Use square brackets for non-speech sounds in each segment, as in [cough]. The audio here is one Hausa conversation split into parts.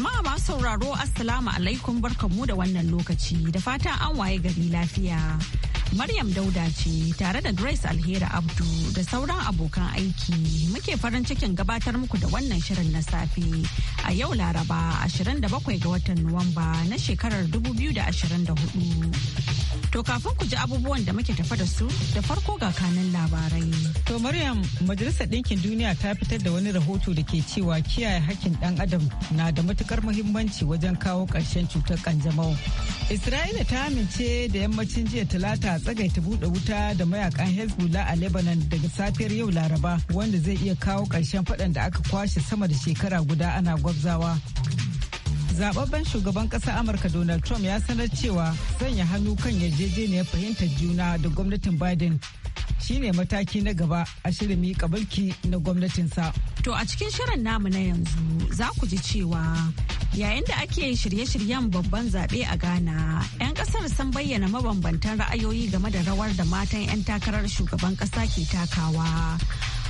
Jama'a ba sauraro Assalamu alaikum barkamu da wannan lokaci da fatan an waye gari lafiya. Maryam Dauda ce tare da Grace Alhera Abdu da sauran abokan aiki muke farin cikin gabatar muku da wannan shirin na safe a yau Laraba 27 ga watan Nuwamba na shekarar 2024. To kafin ku ji abubuwan da muke tafa da su da farko ga kanin labarai. To Maryam Majalisar Ɗinkin Duniya ta fitar da wani rahoto da ke cewa kiyaye hakkin ɗan adam na da matukar muhimmanci wajen kawo ƙarshen cutar kanjamau. Isra'ila ta amince da yammacin jiya talata tsagaita buɗe wuta da mayakan Hezbollah a Lebanon daga safiyar yau Laraba wanda zai iya kawo ƙarshen faɗan da aka kwashe sama da shekara guda ana gwabzawa. zababben shugaban kasa amurka donald trump ya sanar cewa sanya hannu kan yarjejeniyar fahimtar juna da gwamnatin biden shine mataki na gaba a shirin miƙa mulki na gwamnatinsa to a cikin shirin namu na yanzu za ku ji cewa yayin da ake shirye-shiryen babban zaɓe a ghana 'yan ƙasar sun bayyana mabambantan ra'ayoyi game da rawar da matan 'yan takarar shugaban ƙasa ke takawa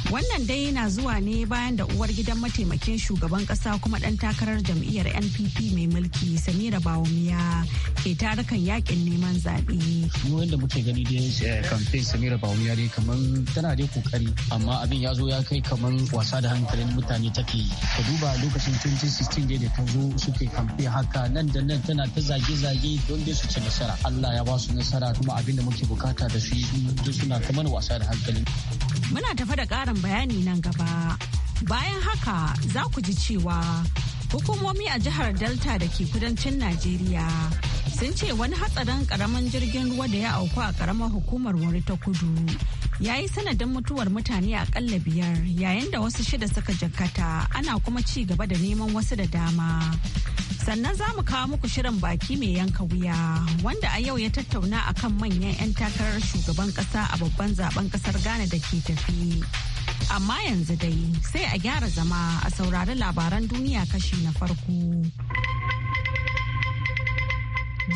Wannan dai yana zuwa ne bayan da uwar gidan mataimakin shugaban kasa kuma ɗan takarar jam'iyyar NPP mai mulki Samira Bawumiya ke tarukan yakin neman zaɓe. Kuma wanda muke gani dai kamfen eh, Samira Bawumiya dai kamar tana dai kokari amma abin ya zo ya kai kamar wasa da hankalin mutane take yi. Ka duba lokacin 2016 dai da ta zo suke kamfe haka nan da nan tana ta zage-zage don dai su ci nasara. Allah ya ba su nasara kuma abin da muke bukata da su yi suna kamar wasa da hankali. Muna tafa da ƙarin bayani nan gaba. Bayan haka za ku ji cewa hukumomi a jihar Delta da ke kudancin Najeriya sun ce wani hatsarin ƙaramin jirgin ruwa da ya auku a ƙaramar hukumar wari ta kudu. ya yi sanadin mutuwar mutane akalla biyar yayin da wasu shida suka jakata ana kuma ci gaba da neman wasu da dama sannan za mu kawo muku shirin baki mai yanka wuya wanda a yau ya tattauna a kan manyan 'yan takarar shugaban kasa a babban zaben kasar ghana da ke tafi amma yanzu dai sai a gyara zama a saurari labaran duniya kashi na farko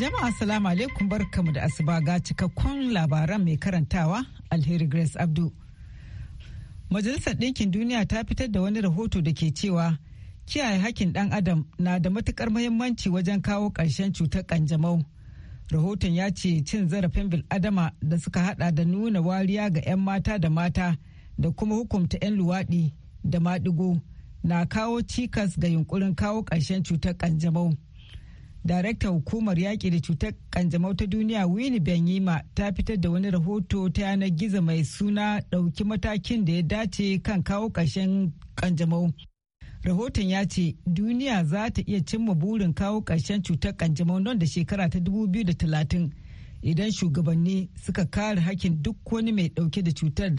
jama'a salamu alaikum barkamu da asuba ga cikakkun labaran mai karantawa Alheri Grace Abdu. Majalisar Ɗinkin Duniya ta fitar da wani rahoto da ke cewa kiyaye hakkin ɗan adam na da matukar muhimmanci wajen kawo ƙarshen cutar ƙanjamau. Rahoton ya ce cin zarafin bil'adama da suka hada da nuna wariya ga 'yan mata da mata da kuma hukumta 'yan luwaɗi da maɗigo na kawo cikas ga yunkurin kawo ƙarshen cutar ƙanjamau. darakta hukumar yaƙi da cutar kanjamau ta duniya wini benyima ta fitar da wani rahoto ta yanar gizo mai suna ɗauki matakin da ya dace kan kawo ƙarshen kanjamau rahoton ya ce duniya za ta iya cimma burin kawo ƙarshen cutar kanjamau nan da shekara ta 2030 idan shugabanni suka kare hakkin duk wani mai ɗauke da cutar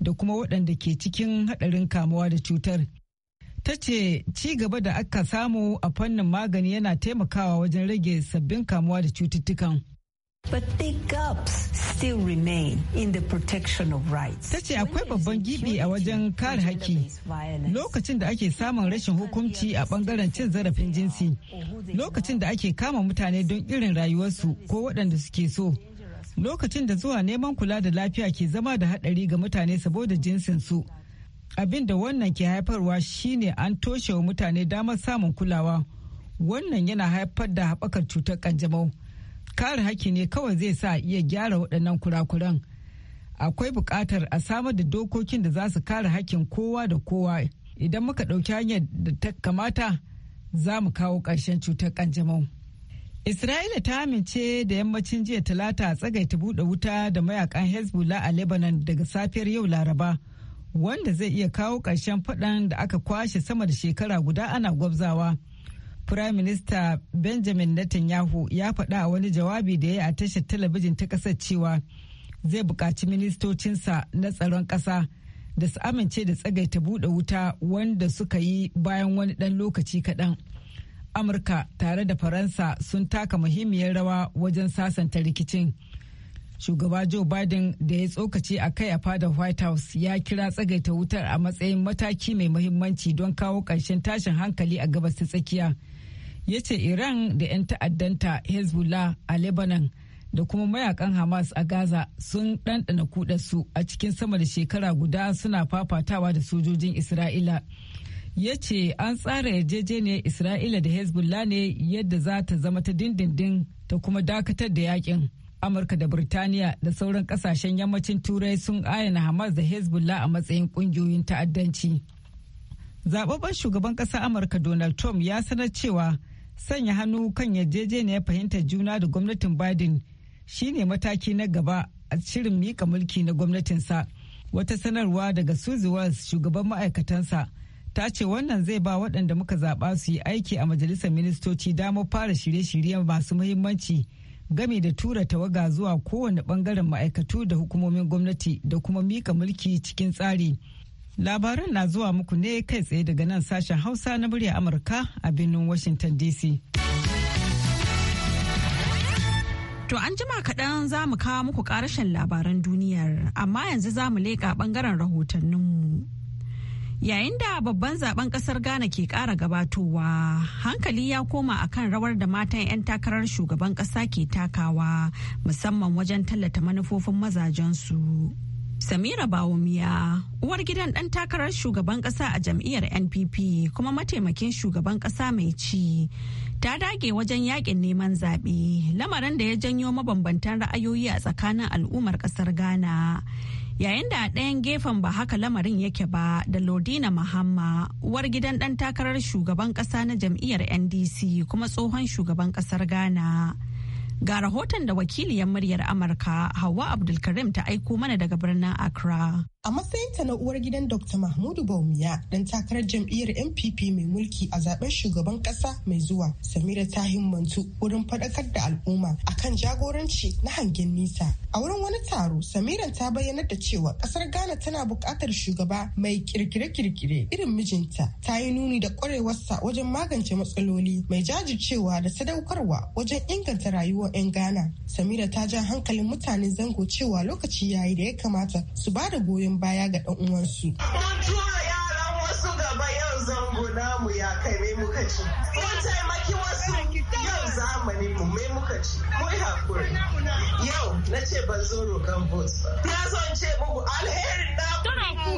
da kuma waɗanda ke cikin haɗarin kamuwa da cutar. ta ce ci gaba da aka samu a fannin magani yana taimakawa wajen rage sabbin kamuwa da cututtukan. But the gaps still remain in the protection of rights. Ta ce akwai babban gibi a wajen kare haƙƙi lokacin da ake samun rashin hukunci a bangaren cin zarafin jinsi, lokacin da ake kama mutane don irin rayuwarsu ko waɗanda suke so, lokacin da zuwa neman kula da lafiya ke zama da haɗari ga mutane saboda jinsinsu. su. abin da wannan ke haifarwa shine an toshe wa mutane damar samun kulawa wannan yana haifar da haɓakar cutar kanjamau kare haki ne kawai zai sa iya gyara waɗannan kurakuran akwai buƙatar a samar da dokokin da za su kare hakkin kowa da kowa idan muka ɗauki hanyar da ta kamata za mu kawo ƙarshen cutar kanjamau isra'ila ta amince da yammacin jiya talata a tsagaita buɗe wuta da mayakan hezbollah a lebanon daga safiyar yau laraba wanda zai iya kawo ƙarshen faɗan da aka kwashe sama da shekara guda ana gwabzawa. Prime Minister Benjamin Netanyahu ya faɗa a wani jawabi da ya yi a tashar talabijin ta ƙasar cewa zai buƙaci ministocinsa na tsaron ƙasa da su amince da tsagaita buɗe wuta wanda suka yi bayan wani ɗan lokaci kaɗan. Amurka tare da Faransa sun taka muhimmiyar rawa wajen sasanta rikicin. shugaba joe biden da ya tsokace a kai a fadar white house ya kira tsagaita wutar a matsayin mataki mai mahimmanci don kawo ƙarshen tashin hankali a gabas ta tsakiya ya ce iran da 'yan ta'addanta hezbollah a lebanon da kuma mayakan hamas a gaza sun ɗanɗana kudarsu a cikin sama da shekara guda suna fafatawa da sojojin isra'ila ya ce an tsara yarjejeniyar isra'ila da hezbollah ne yadda za ta zama ta dindindin ta kuma dakatar da yakin amurka da burtaniya da sauran kasashen yammacin turai sun ayyana hamas da hezbollah a matsayin kungiyoyin ta'addanci zababben shugaban ƙasar amurka donald trump ya sanar cewa sanya hannu kan yarjejeniyar fahimta juna da gwamnatin biden shine mataki na gaba a shirin mika mulki na gwamnatinsa wata sanarwa daga suzy wells shugaban ma'aikatansa ta ce wannan zai ba waɗanda muka zaɓa su yi aiki a majalisar ministoci damar fara shirye-shirye masu muhimmanci. game da tura tawaga zuwa kowane bangaren ma'aikatu da hukumomin gwamnati da kuma mika mulki cikin tsari. Labaran na zuwa muku ne kai tsaye daga nan sashen Hausa na murya Amurka a birnin Washington DC. To an jima kaɗan za mu kawo muku ƙarashin labaran duniyar, amma yanzu za mu leƙa ɓangaren rahotanninmu. Yayin da babban zaben kasar Ghana ke kara gabatowa, hankali ya koma akan rawar da matan 'yan takarar shugaban kasa ke takawa musamman wajen tallata manufofin mazajensu. Samira Bawumiya, uwar gidan ɗan takarar shugaban ƙasa a jam'iyyar NPP kuma mataimakin shugaban ƙasa mai ci, ta dage wajen yakin neman zaɓe, lamarin da ya janyo mabambantan ra'ayoyi a tsakanin al'ummar ƙasar Ghana. yayin da a ɗayan gefen ba haka lamarin yake ba da lodina mahamma uwar gidan ɗan takarar shugaban ƙasa na jam'iyyar ndc kuma tsohon shugaban ƙasar ghana ga rahoton da wakiliyar muryar amurka hawa abdulkarim ta aiko mana daga birnin accra A matsayinta na uwar gidan Dr. Mahmudu Baumiya dan takarar jam'iyyar NPP mai mulki a zaben shugaban kasa mai zuwa, Samira ta himmantu wurin faɗakar da al'umma a kan jagoranci na hangen nisa. A wurin wani taro, Samira ta bayyana da cewa ƙasar Ghana tana buƙatar shugaba mai kirkire-kirkire irin mijinta. Ta yi nuni da ƙwarewarsa wajen magance matsaloli mai jajircewa da sadaukarwa wajen inganta rayuwar 'yan Ghana. Samira ta ja hankalin mutanen zango cewa lokaci yayi da ya kamata su ba da goyon goyon baya ga ɗan uwansu. wasu gaba yau zango namu ya kai me muka ci mun taimaki wasu yau zamani mu me muka ci mun hakuri yau na ce ban zo rokan bus ba na zo ce muku alherin naku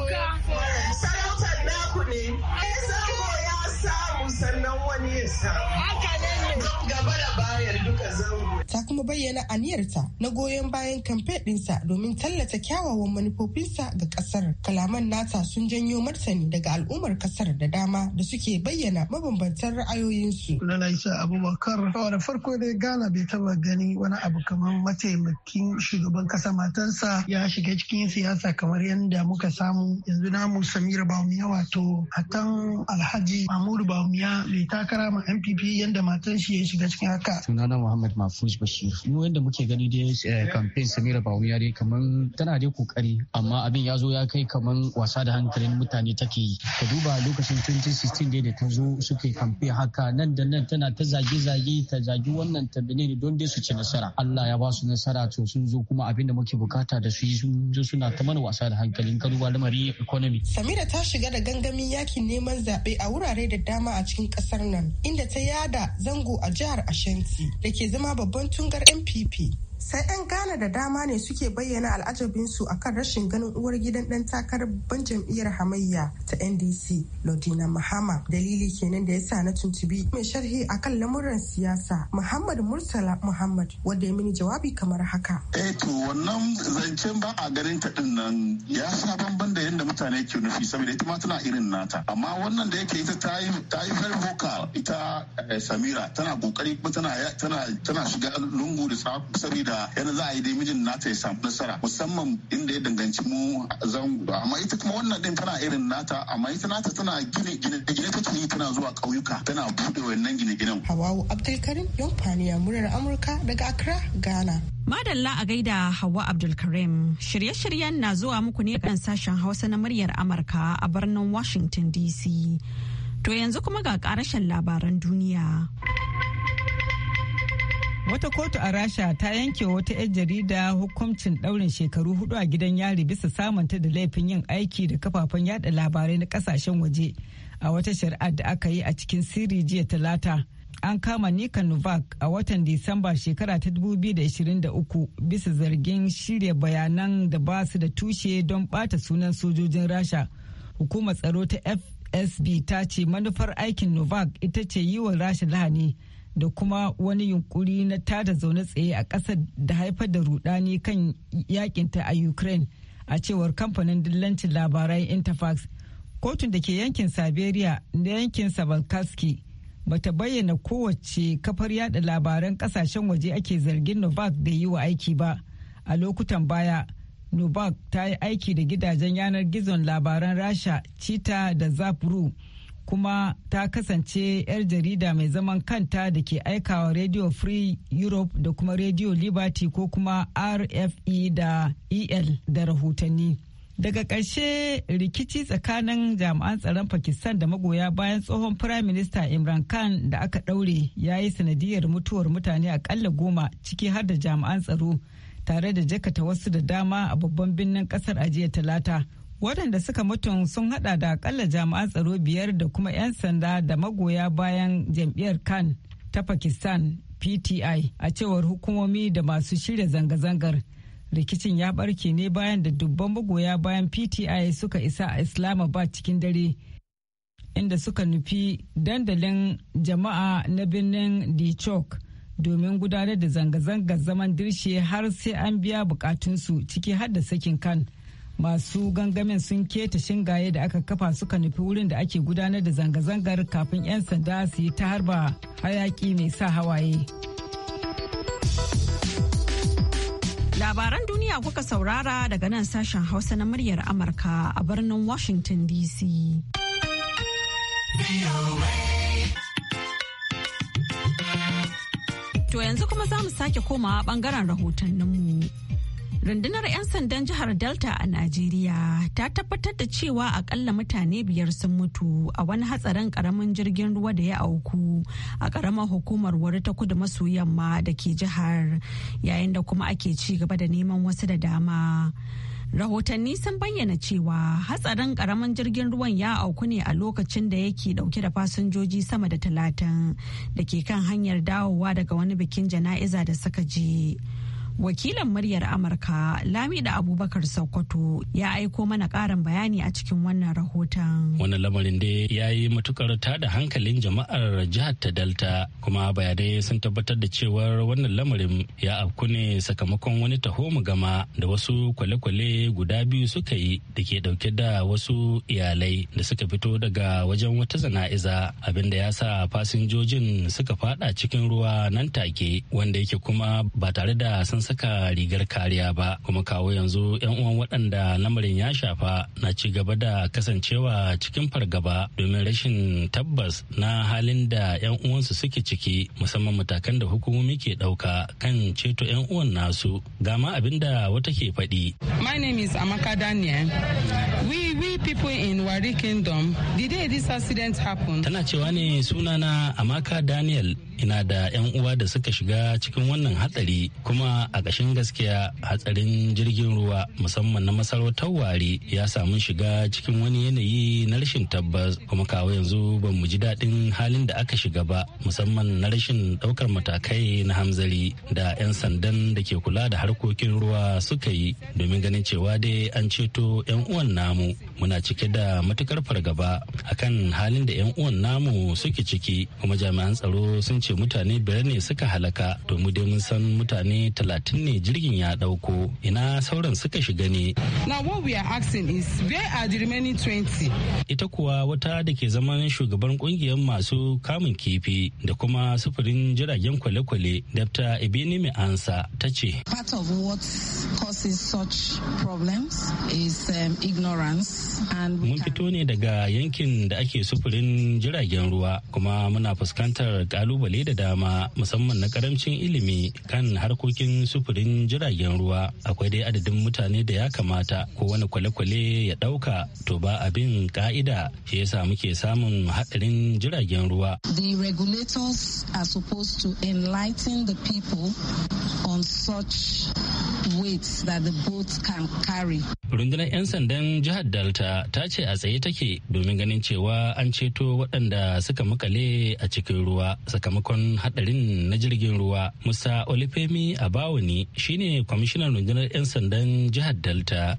sarautar naku ne eh zango ya samu sannan wani ya samu gaba da bayan duka zango ta kuma bayyana aniyarta na goyon bayan kamfe ɗinsa domin tallata kyawawan manufofinsa ga ƙasar. Kalaman nata sun janyo martani daga al'umma al'ummar kasar da dama da suke bayyana mabambantan ra'ayoyinsu. na Isa Abubakar. Da farko dai Ghana bai taba gani wani abu kamar mataimakin shugaban kasa matansa ya shiga cikin siyasa kamar yadda muka samu yanzu namu Samira Bamiya wato hatan Alhaji Mahmudu Bamiya mai takara ma MPP yadda matan shi ya shiga cikin haka. Sunana Muhammad Mahfuz Bashir. Mu yadda muke gani dai kamfen eh, Samira Bamiya dai kamar tana dai kokari amma abin ya zo ya kai kamar wasa da hankalin mutane take yi. ka duba lokacin 2016 da ta zo suke kamfe haka nan da nan tana ta zage-zage ta zagi wannan ta ne don dai su ci nasara Allah ya ba su nasara to sun zo kuma abin da muke bukata da su yi sun zo suna ta mana wasa da hankalin ka duba lamari economy Samira ta shiga da gangamin yakin neman zaɓe a wurare da dama a cikin ƙasar nan inda ta yada zango a jihar Ashanti da ke zama babban tungar NPP sai 'yan ghana da dama ne suke bayyana al'ajabinsu a kan rashin ganin uwar gidan ɗan takarar ban jam'iyyar hamayya ta ndc lodina mahama dalili kenan da ya sa na tuntubi mai sharhi a kan lamuran siyasa muhammad murtala muhammad wanda ya mini jawabi kamar haka eh to wannan zancen ba a ganin ta din nan ya sa banban da yadda mutane ke nufi saboda ita ma tana irin nata amma wannan da yake ita ta yi ta ita eh, samira tana kokari tana tana shiga lungu da saboda da yana za a yi dai mijin nata ya samu nasara musamman inda ya danganci mu zango amma ita kuma wannan din tana irin nata amma ita nata tana gine gine gine take yi tana zuwa ƙauyuka tana buɗe wannan gine ginen Hawawu Abdulkarim Yonfaniya murar Amurka daga Accra Ghana Madalla a gaida Hawa Abdulkarim shirye-shiryen na zuwa muku ne kan sashen Hausa na muryar Amurka a birnin Washington DC To yanzu kuma ga karashen labaran duniya. Wata kotu a Rasha ta yanke wata 'yar jarida hukuncin ɗaurin shekaru hudu a gidan yari bisa samunta da laifin yin aiki da kafafen yada labarai na kasashen waje a wata shari'ar da aka yi a cikin sirri jiya talata. An kama Nika Novak a watan Disamba shekara ta 2023 bisa zargin shirya bayanan da ba su da tushe don bata sunan sojojin Rasha. Hukumar tsaro ta FSB ta ce manufar aikin Novak ita ce yi wa Rasha lahani. da kuma wani yunkuri na tada zaune tsaye a ƙasar da haifar da rudani kan yakinta a ukraine a cewar kamfanin dillancin labarai interfax kotun da ke yankin siberia da yankin sabalkaski ta bayyana kowace kafar yada labaran kasashen waje ake zargin novak da yi wa aiki ba a lokutan baya novak ta yi aiki da gidajen yanar gizon labaran rasha Cheetah da zapru kuma ta kasance 'yar jarida mai zaman kanta da ke aikawa Radio Free Europe da kuma Radio Liberty ko kuma RFE da EL da rahotanni. Daga karshe rikici tsakanin jami'an tsaron Pakistan da magoya bayan tsohon Prime Minister Imran Khan da aka ɗaure ya yi sanadiyar mutuwar mutane akalla goma ciki har da jami'an tsaro tare da jakata wasu da dama a babban birnin ƙasar a talata. waɗanda suka mutum sun hada da akalla jami'an tsaro biyar da kuma 'yan sanda da magoya bayan jam'iyyar kan ta pakistan pti a cewar hukumomi da masu shirya zanga-zangar rikicin ya barke ne bayan da dubban magoya bayan pti suka isa a islamabad cikin dare inda suka nufi dandalin jama'a na birnin dechok domin gudanar da zanga-zangar zaman dirshe har sai an biya bukatunsu ciki har da sakin kan. masu gangamin sun keta shingaye da aka kafa suka nufi wurin da ake gudanar da zanga-zangar kafin 'yan sanda su yi ta harba hayaki mai sa hawaye. Labaran duniya kuka saurara daga nan sashen Hausa na muryar Amurka a birnin Washington DC. To yanzu kuma za mu sake komawa bangaren rahotanninmu. Rundunar 'yan sandan jihar Delta a Najeriya ta tabbatar da cewa akalla mutane biyar sun mutu a wani hatsarin karamin jirgin ruwa da ya auku a karamar hukumar wari ta kudu maso yamma da ke jihar yayin da kuma ake ci gaba da neman wasu da dama. Rahotanni sun bayyana cewa hatsarin karamin jirgin ruwan ya auku ne a lokacin da yake dauke da fasinjoji sama da talatin da ke kan hanyar dawowa daga wani bikin jana'iza da suka je. wakilan muryar amurka lami da abubakar sokoto ya aiko mana karin bayani a cikin wannan rahoton wannan lamarin dai ya yi matukar tada hankalin jama'ar jihar ta delta kuma bayanai sun tabbatar da cewar wannan lamarin ya afku ne sakamakon wani taho gama da wasu kwale-kwale guda biyu suka yi da ke dauke da wasu iyalai da suka fito daga wajen wata zana'iza abinda ya sa fasinjojin suka fada cikin ruwa nan take wanda yake kuma ba tare da sun saka rigar kariya ba kuma kawo yanzu 'yan uwan waɗanda lamarin ya shafa na ci gaba da kasancewa cikin fargaba domin rashin tabbas na halin da 'yan uwansu suke ciki musamman matakan da hukumomi ke ɗauka kan ceto 'yan uwan nasu gama abin da wata ke faɗi. My name is Amaka Daniel. We, we people in Wari Kingdom, the day this accident happened. Tana cewa ne sunana Amaka Daniel ina da 'yan uwa da suka shiga cikin wannan hatsari kuma a ƙashin gaskiya hatsarin jirgin ruwa musamman na masarautar wari ya samu shiga cikin wani yanayi na rashin tabbas kuma kawo yanzu ba mu ji daɗin halin da aka shiga ba musamman na rashin ɗaukar matakai na hamzari da 'yan sandan da ke kula da harkokin ruwa suka yi domin ganin cewa dai an ceto 'yan uwan namu muna cike da matukar fargaba akan halin da 'yan uwan namu suke ciki kuma jami'an tsaro sun ce ce mutane biyar ne suka halaka to mu dai mun san mutane talatin ne jirgin ya dauko ina sauran suka shiga ne. Now what we are asking is where are the remaining 20? Ita kuwa wata da ke zaman shugaban kungiyar masu kamun kifi da kuma sufurin jiragen kwale-kwale Dr. Ibini mai ansa ta ce. Part of what causes such problems is um, ignorance and Mun fito ne daga yankin da ake sufurin jiragen ruwa kuma muna fuskantar kalubale da dama musamman na karamcin ilimi kan harkokin sufurin jiragen ruwa akwai dai adadin mutane da ya kamata ko wani kwale-kwale ya dauka to ba abin ka'ida shi yasa muke samun hadarin jiragen ruwa. The regulators are supposed to enlighten the people on such weights that the boats can carry. Rundunar 'yan sandan jihar Delta ta ce a tsaye take domin ganin cewa an ceto waɗanda suka makale a cikin ruwa sakamakon sakamakon hadarin na jirgin ruwa musa olifemi abawuni shine kwamishinan rundunar 'yan sandan jihar delta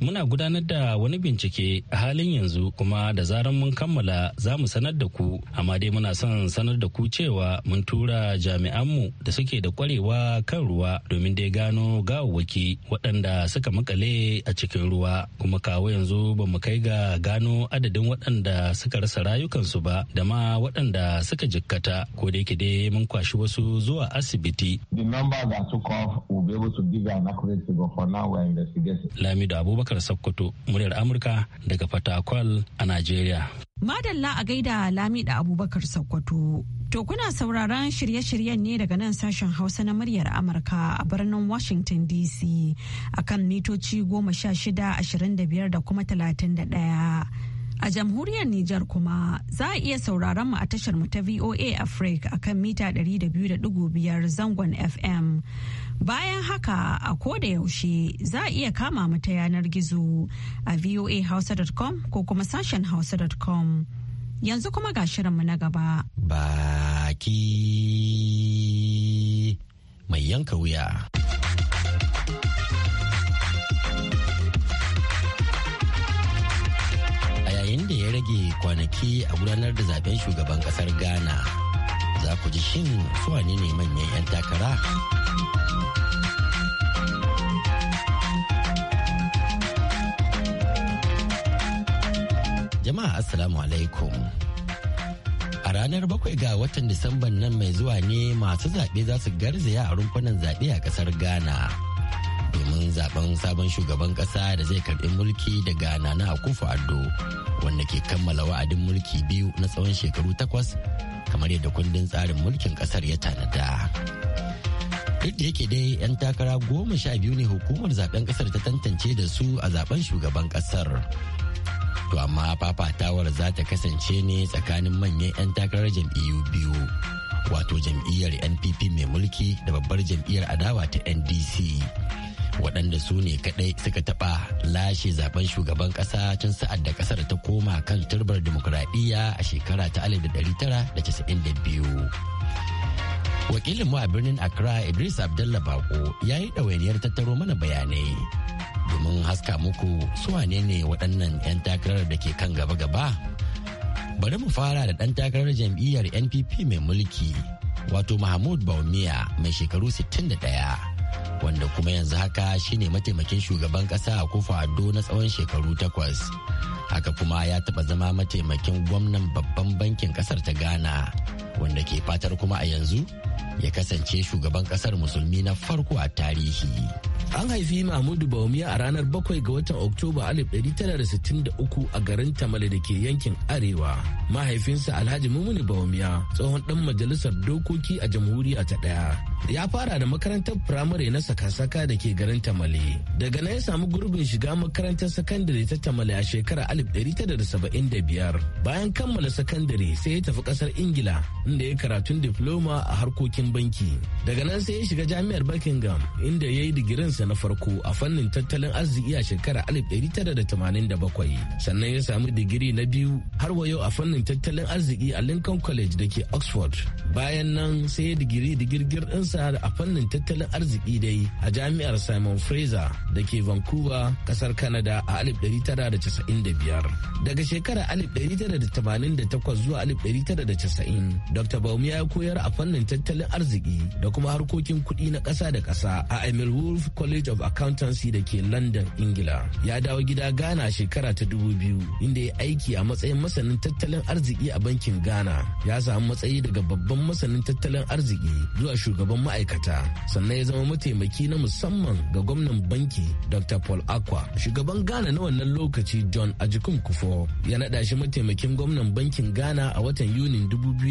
muna gudanar da wani bincike a halin yanzu kuma da zaran mun kammala za mu sanar da ku amma dai muna son sanar da ku cewa mun tura jami'anmu da suke da kwarewa kan ruwa domin dai gano gawawwaki waɗanda suka makale a cikin ruwa kuma kawo yanzu ba mu kai ga gano adadin waɗanda suka rasa rayukansu ba da ma waɗanda suka jikkata ko da yake dai mun kwashi wasu zuwa asibiti. The number that took off will be able to give an accurate for now Lamido Abubakar Sokoto, muryar Amurka daga Fatakwal a Najeriya. Madalla a gaida Lamido Abubakar Sokoto. To kuna sauraron shirye-shiryen ne daga nan sashen Hausa na muryar Amurka a birnin Washington DC akan mitoci goma sha shida ashirin da biyar da kuma talatin da ɗaya. A jamhuriyar Nijar kuma za a iya sauraron mu a tashar mu ta VOA Africa a kan mita 200.5 zangon FM. Bayan haka a koda yaushe za a iya kama mu ta yanar gizo a voahausa.com ko kuma sashen hausa.com. Yanzu kuma ga mu na gaba. Baki mai yanka wuya. yayin da ya rage kwanaki a gudanar da zaben shugaban kasar ghana za ku ji shin suwane ne manyan 'yan takara jama'a assalamu alaikum a ranar bakwai ga watan disamban nan mai zuwa ne masu zaɓe za su garzaya a rumfunan zaɓe a ƙasar ghana domin zaben sabon shugaban kasa da zai karbi mulki daga nana akufo addo wanda ke kammala wa'adin mulki biyu na tsawon shekaru takwas kamar yadda kundin tsarin mulkin kasar ya tanada duk da yake dai 'yan takara goma sha biyu ne hukumar zaben kasar ta tantance da su a zaben shugaban kasar to amma fafatawar za ta kasance ne tsakanin manyan 'yan takarar jam'iyyu biyu wato jam'iyyar npp mai mulki da babbar jam'iyyar adawa ta ndc waɗanda su ne kaɗai suka taɓa lashe zaben shugaban ƙasa tun sa'ad da ƙasar ta koma kan turbar dimokuraɗiyya a shekara ta 1992. wakilin mu a birnin accra idris abdullah bako ya yi ɗawainiyar tattaro mana bayanai domin haska muku su wanene ne waɗannan 'yan takarar da ke kan gaba-gaba bari mu fara da ɗan takarar jam'iyyar npp mai mulki wato mahmud baumia mai shekaru 61 wanda kuma yanzu haka shine mataimakin shugaban kasa a kufa ado na tsawon shekaru takwas haka kuma ya taɓa zama mataimakin gwamnan babban bankin ƙasar ta ghana wanda ke fatar kuma a yanzu ya kasance shugaban kasar musulmi na farko a tarihi. An haifi Mahmudu Bawumia a ranar 7 ga watan Oktoba 1963 a garin Tamale da ke yankin Arewa. Mahaifinsa Alhaji Mumuni Bawumia tsohon ɗan majalisar dokoki a jamhuriya ta ɗaya. Ya fara da makarantar firamare na sakasaka da ke garin Tamale. Daga nan ya samu gurbin shiga makarantar sakandare ta Tamale a shekarar 1975. Bayan kammala sakandare sai ya tafi ƙasar Ingila inda ya karatun diploma a harkokin banki. Daga nan sai ya shiga jami'ar Buckingham inda ya yi digirinsa na farko a fannin tattalin arziki a shekarar 1987. Sannan ya samu digiri na biyu har wa yau a fannin tattalin arziki a Lincoln College da ke Oxford. Bayan nan sai ya digiri digirgir ɗinsa a fannin tattalin arziki dai a jami'ar Simon Fraser da ke Vancouver, kasar Canada a 1995. Daga shekarar 1988 zuwa 1990 Dr. Baumi ya koyar a fannin tattalin arziki da kuma harkokin kuɗi na ƙasa da ƙasa a Emil Wolf College of Accountancy da ke London, Ingila. Ya dawo gida Ghana shekara ta dubu biyu inda ya aiki a matsayin masanin tattalin arziki a bankin Ghana. Ya samu matsayi daga babban masanin tattalin arziki zuwa shugaban ma'aikata. Sannan ya zama mataimaki na musamman ga gwamnan banki Dr. Paul Akwa. Shugaban Ghana na wannan lokaci John Ajikun Kufo ya naɗa shi mataimakin gwamnan bankin Ghana a watan Yunin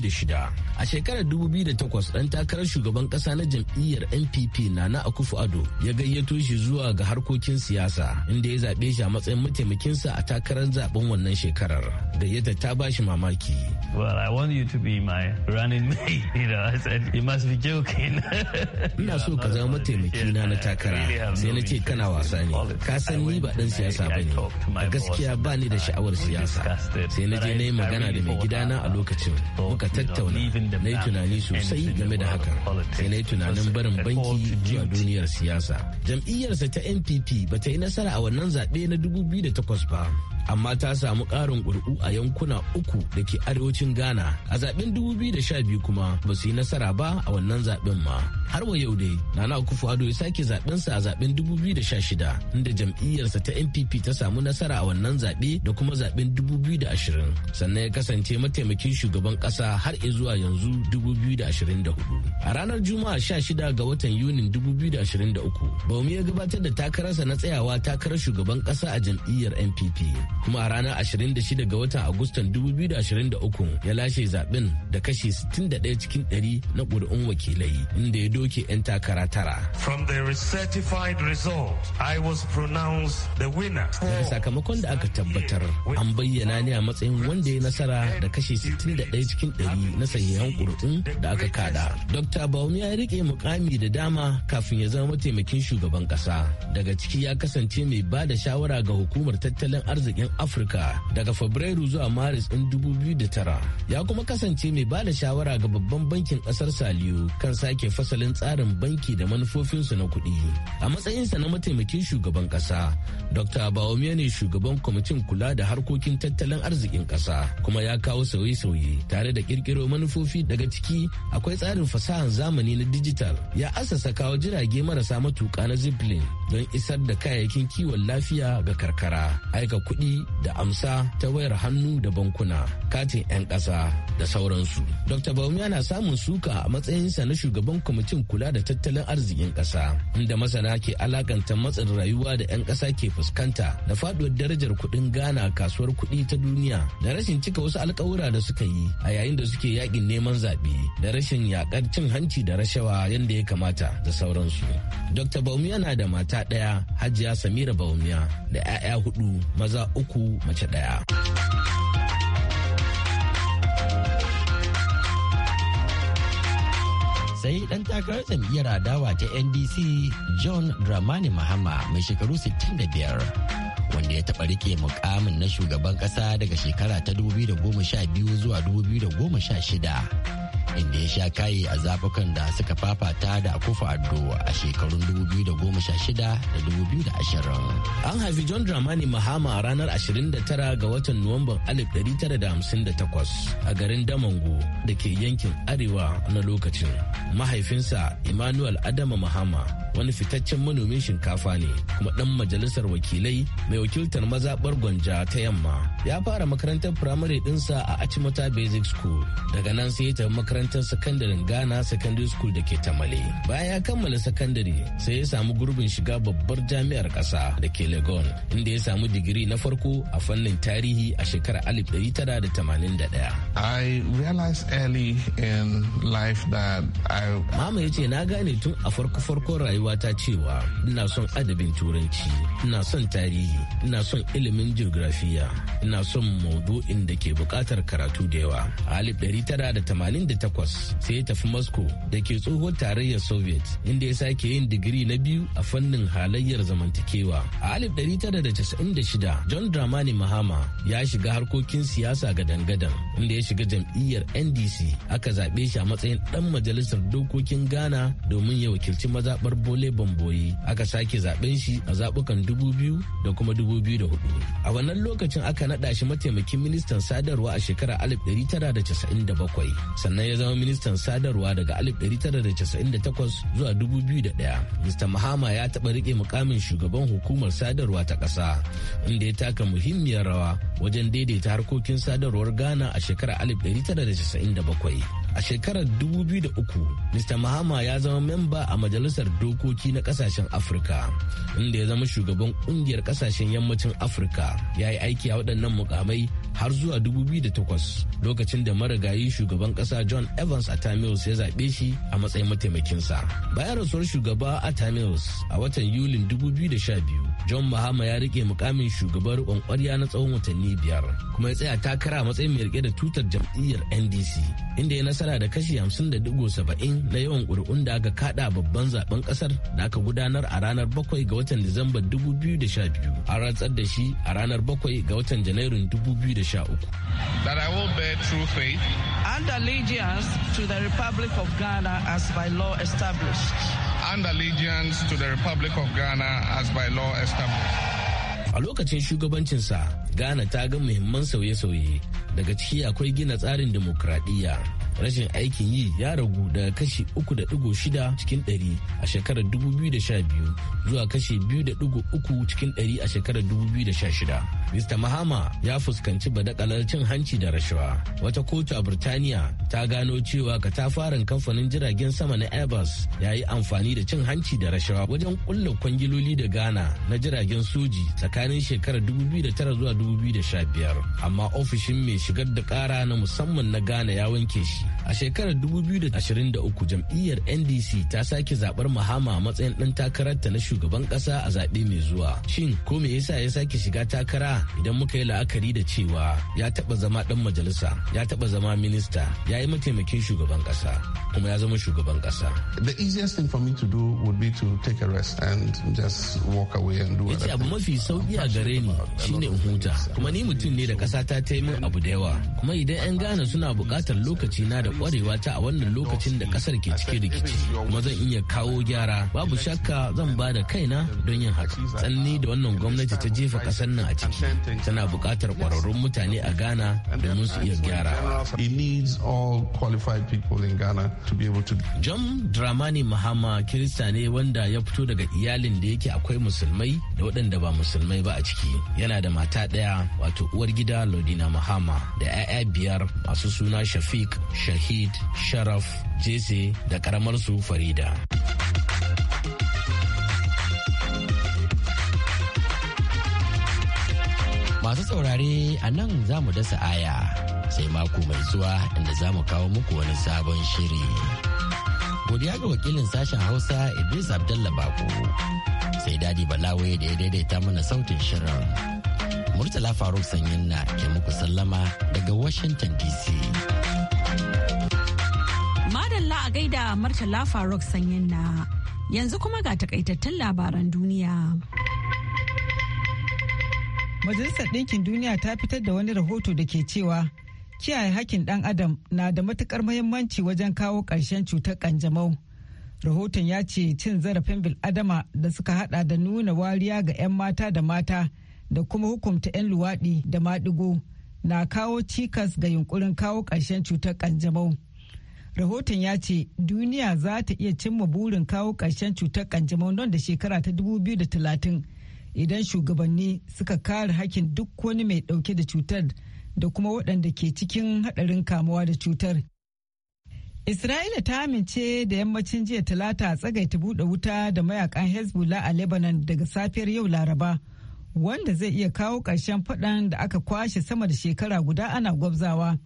shida. a shekarar 2008 dan takarar shugaban ƙasa na jam'iyyar npp nana akufu ado ya gayyato shi zuwa ga harkokin siyasa inda ya zaɓe shi a matsayin mataimakinsa a takarar zaben wannan shekarar gayyata ta ba shi mamaki well i want you to be my running mate [laughs] you know i said you must be joking [laughs] ina so ka zama mataimakina na takara sai na ce kana wasa ne ka san ni ba ɗan siyasa ba ne a gaskiya ba ni da sha'awar siyasa sai na je na yi magana da mai gidana a lokacin muka tattauna tattauna na yi tunani sosai game da hakan sai na yi tunanin barin banki zuwa duniyar siyasa jam'iyyarsa ta npp ba ta yi nasara a wannan zaɓe na 2008 ba amma ta samu ƙarin ƙuri'u a yankuna uku da ke arewacin ghana a zaben 2012 kuma ba su yi nasara ba a wannan zaben ma har wa yau dai nana akufo ado ya sake zaɓensa a zaben 2016 inda jam'iyyarsa ta npp ta samu nasara a wannan zaɓe da kuma zaben 2020 sannan ya kasance mataimakin shugaban ƙasa har zuwa yanzu 2024 a ranar juma'a 16 ga watan yunin 2023 baumi ya gabatar da takararsa na tsayawa takarar shugaban ƙasa a jam'iyyar npp kuma a ranar 26 ga watan agustan 2023 ya lashe zaben da kashi 61 cikin 100 na ƙuri'un wakilai inda ya doke 'yan takara tara. From the certified result, I was pronounced the winner. Daga sakamakon da aka tabbatar, an bayyana ne a matsayin wanda ya nasara da kashi 61 cikin 100 na sahihan ƙuri'un da aka kada. Dr. Baumi ya riƙe mukami da dama kafin ya zama mataimakin shugaban ƙasa. Daga ciki ya kasance mai ba da shawara ga hukumar tattalin arzikin afirka daga fabrairu zuwa maris ɗin 2009 ya kuma kasance mai ba da shawara ga babban bankin ƙasar saliyo kan sake fasalin tsarin banki da manufofinsu na kuɗi a matsayinsa na mataimakin shugaban ƙasa dr bawumia ne shugaban kwamitin kula da harkokin tattalin arzikin ƙasa kuma ya kawo sauye-sauye tare da ƙirƙiro manufofi daga ciki akwai tsarin fasahar zamani na dijital ya asasa kawo jirage marasa matuƙa na zipline don isar da kayayyakin kiwon lafiya ga karkara aika kuɗi da amsa ta wayar hannu da bankuna katin 'yan ƙasa da sauransu dr Baumia na samun suka a matsayinsa na shugaban kwamitin kula da tattalin arzikin ƙasa inda masana ke alakanta matsin rayuwa da 'yan ƙasa ke fuskanta da faɗuwar darajar kuɗin ghana kasuwar kuɗi ta duniya da rashin cika wasu alkawura da suka yi a yayin da suke yakin neman zaɓe da rashin yakar cin hanci da rashawa yadda ya kamata da sauransu dr Baumia na da mata ɗaya hajiya samira baumiya da 'ya'ya hudu maza uku mace ɗaya. sai ɗan takarar jam'iyyar adawa ta ndc john dramani mahama mai shekaru 65 wanda ya taɓa rike mukamin na shugaban ƙasa daga shekara ta 2012 zuwa 2016 inda ya sha kayi a zabukan da suka fafata da akufa addo a shekarun 2016 da 2020. An haifi John Dramani Mahama a ranar 29 ga watan Nuwamban 1958 a garin Damango da ke yankin arewa na lokacin. Mahaifinsa Emmanuel Adama Mahama wani fitaccen manomin shinkafa ne kuma ɗan majalisar wakilai mai wakiltar mazaɓar gwanja ta yamma. Ya fara makarantar firamare ɗinsa a Achimota Basic School daga nan sai ya tafi makarantar makarantar sakandaren ghana secondary school da ke tamale bayan ya kammala sakandare sai ya samu gurbin shiga babbar jami'ar ƙasa da ke legon inda ya samu digiri na farko a fannin tarihi a shekarar 1981 mama ya ce na gane tun a farko farkon rayuwata cewa ina son adabin turanci ina son tarihi ina son ilimin geografiya ina son maudu'in da ke bukatar karatu da yawa a takwas sai ya tafi moscow da ke tsohon tarayyar soviet inda ya sake yin digiri na biyu a fannin halayyar zamantakewa a 1996 john dramani mahama ya shiga harkokin siyasa ga dangadan inda ya shiga jam'iyyar ndc aka zaɓe shi a matsayin ɗan majalisar dokokin ghana domin ya wakilci mazaɓar bole bamboyi aka sake zaɓen shi a zaɓukan 2000 da kuma hudu a wannan lokacin aka naɗa shi mataimakin ministan sadarwa a shekarar 1997 sannan ya zama ministan sadarwa daga 1998 zuwa 2001 mr mahama ya taɓa riƙe mukamin shugaban hukumar sadarwa ta ƙasa inda ya taka muhimmiyar rawa wajen daidaita harkokin sadarwar ghana a shekarar 1997 a shekarar 2003 mr mahama ya zama memba a majalisar dokoki na kasashen afirka inda ya zama shugaban kungiyar kasashen yammacin afirka ya yi aiki a waɗannan mukamai har zuwa 2008 lokacin da marigayi shugaban ƙasa john evans atamils ya zaɓe shi a matsayin mataimakinsa bayan rasuwar shugaba atamils a watan yulin 2012 john mahama ya rike mukamin shugaban riƙon ƙwarya na tsawon watanni biyar kuma ya tsaya takara a matsayin mai rike da tutar jam'iyyar ndc inda ya nasara da kashi saba'in na yawan ƙuri'un da aka kada babban zaben ƙasar da aka gudanar a ranar bakwai ga watan Disamba biyu a rantsar da shi a ranar bakwai ga watan Janairun dubu biyu da sha uku. That I will bear true faith and allegiance to the Republic of Ghana as by law established. And allegiance to the Republic of Ghana as by law established. A lokacin shugabancinsa ghana ta ga muhimman sauye-sauye daga ciki akwai gina tsarin dimokuraɗiyya rashin aikin yi ya ragu daga kashi 3.6 cikin 100 a shekarar 2012 zuwa kashi 2.3 cikin 100 a shekarar 2016. Mr. Mahama ya fuskanci badakalar cin hanci da rashawa. Wata kotu a Birtaniya ta gano cewa katafaren kamfanin jiragen sama na Airbus ya yi amfani da cin hanci da rashawa wajen kulla kwangiloli da Ghana na jiragen soji tsakanin shekarar 2009 zuwa 2015. Amma ofishin mai shigar da kara na musamman na Ghana ya wanke shi A shekarar 2023 jam'iyyar NDC ta sake zaɓar Mahama a matsayin ɗan ta na shugaban ƙasa a zaɓe mai zuwa. Shin ko me yasa ya sake shiga takara idan muka yi la'akari da cewa ya taɓa zama ɗan majalisa, ya taɓa zama minista, ya yi mataimakin shugaban ƙasa, kuma ya zama shugaban ƙasa. The easiest thing for me to do would be to take a rest and just walk away and do Yace abu mafi sauki a gare ni shine in huta, kuma ni mutum ne da ƙasa ta ta abu da yawa, kuma idan 'yan Ghana suna buƙatar lokaci na da kwarewa ta a wannan lokacin da kasar ke da rikici kuma zan iya kawo gyara babu shakka zan ba da kaina don yin haka tsanni da wannan gwamnati ta jefa kasar nan a ciki tana buƙatar kwararrun mutane a ghana domin su iya gyara john dramani mahama kirista ne wanda ya fito daga iyalin da yake akwai musulmai da waɗanda ba musulmai ba a ciki yana da mata ɗaya wato uwar gida lodina mahama da 'ya'ya biyar masu suna shafiq shahid sharaf jese da su farida masu saurare a nan za mu dasa aya sai mako mai zuwa inda za mu kawo muku wani sabon shiri godiya ga wakilin sashen hausa idris abdallah bako sai dadi balawe da ya daidaita mana sautin shirin murtala faruk sanyin na ke muku sallama daga washington dc Madalla a gaida martala Faruk sanyin na yanzu kuma ga takaitattun labaran duniya. Majalisar Ɗinkin Duniya ta fitar da wani rahoto da ke cewa kiyaye hakkin ɗan adam na da matukar muhimmanci wajen kawo ƙarshen cutar ƙanjamau. Rahoton ya ce cin zarafin bil'adama da suka hada da nuna wariya ga 'yan mata da mata da kuma hukumta 'yan luwaɗi da maɗigo na kawo cikas ga yunkurin kawo ƙarshen cutar ƙanjamau. rahoton ya ce duniya za ta iya cimma burin kawo ƙarshen cutar kanjamau nan da shekara ta 2030 idan shugabanni suka kare hakin duk wani mai ɗauke da cutar da kuma waɗanda ke cikin haɗarin kamuwa da cutar. Isra'ila ta amince da yammacin jiya talata a tsagaita buɗe wuta da mayakan Hezbollah a Lebanon daga safiyar yau Laraba, wanda zai iya kawo ƙarshen faɗan da aka kwashe sama da shekara guda ana gwabzawa.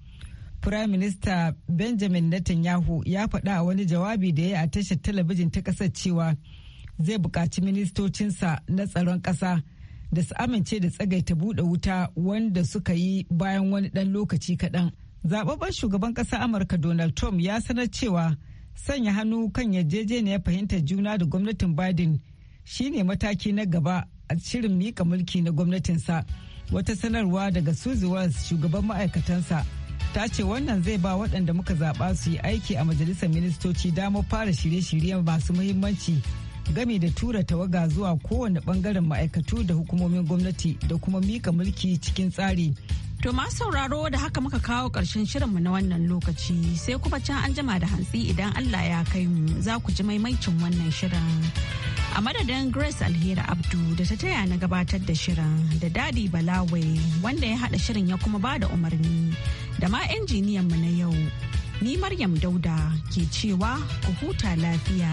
Prime Minister Benjamin Netanyahu ya faɗa wani jawabi da ya a tashar talabijin ta ƙasar cewa zai buƙaci ministocinsa na tsaron ƙasa da su amince da tsagaita buɗe wuta wanda suka yi bayan wani ɗan lokaci kaɗan. Zababben shugaban ƙasar Amurka Donald Trump ya sanar cewa sanya hannu kan yarjejeniyar fahimtar juna da gwamnatin Biden shine mataki na gaba a shirin mika mulki na gwamnatinsa. Wata sanarwa daga Suzy Wells shugaban ma'aikatansa. ta ce wannan zai ba waɗanda muka zaɓa su yi aiki a majalisar ministoci damar fara shirye-shirye masu muhimmanci gami da tura tawaga zuwa kowane ɓangaren ma'aikatu da hukumomin gwamnati da kuma mika mulki cikin tsari. To ma sauraro da haka muka kawo ƙarshen shirinmu na wannan lokaci sai kuma can an jima da hantsi idan Allah ya kai mu za ku ji maimaicin wannan shirin. A madadin Grace Alheri Abdu da ta taya na gabatar da shirin da Dadi Balawai wanda ya haɗa shirin ya kuma ba da umarni. da ma injiniyan mu na yau. Ni Maryam Dauda ke cewa ku huta lafiya.